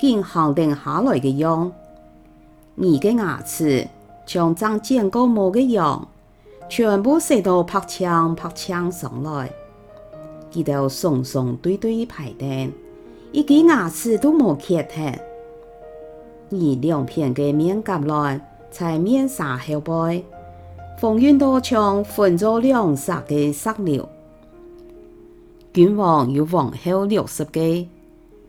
見行定下來嘅樣，你嘅牙齒像長剪過毛嘅樣，全部食到拍牆拍牆上來，見到雙雙對對排隊，一啲牙齒都冇缺嘅。而兩片嘅面頰內，在面紗後背，馮遠道將分做兩色嘅石榴，郡王與皇后六十個。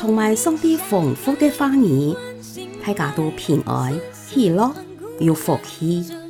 同埋送啲豐富嘅花兒，大家都偏愛喜樂又福氣。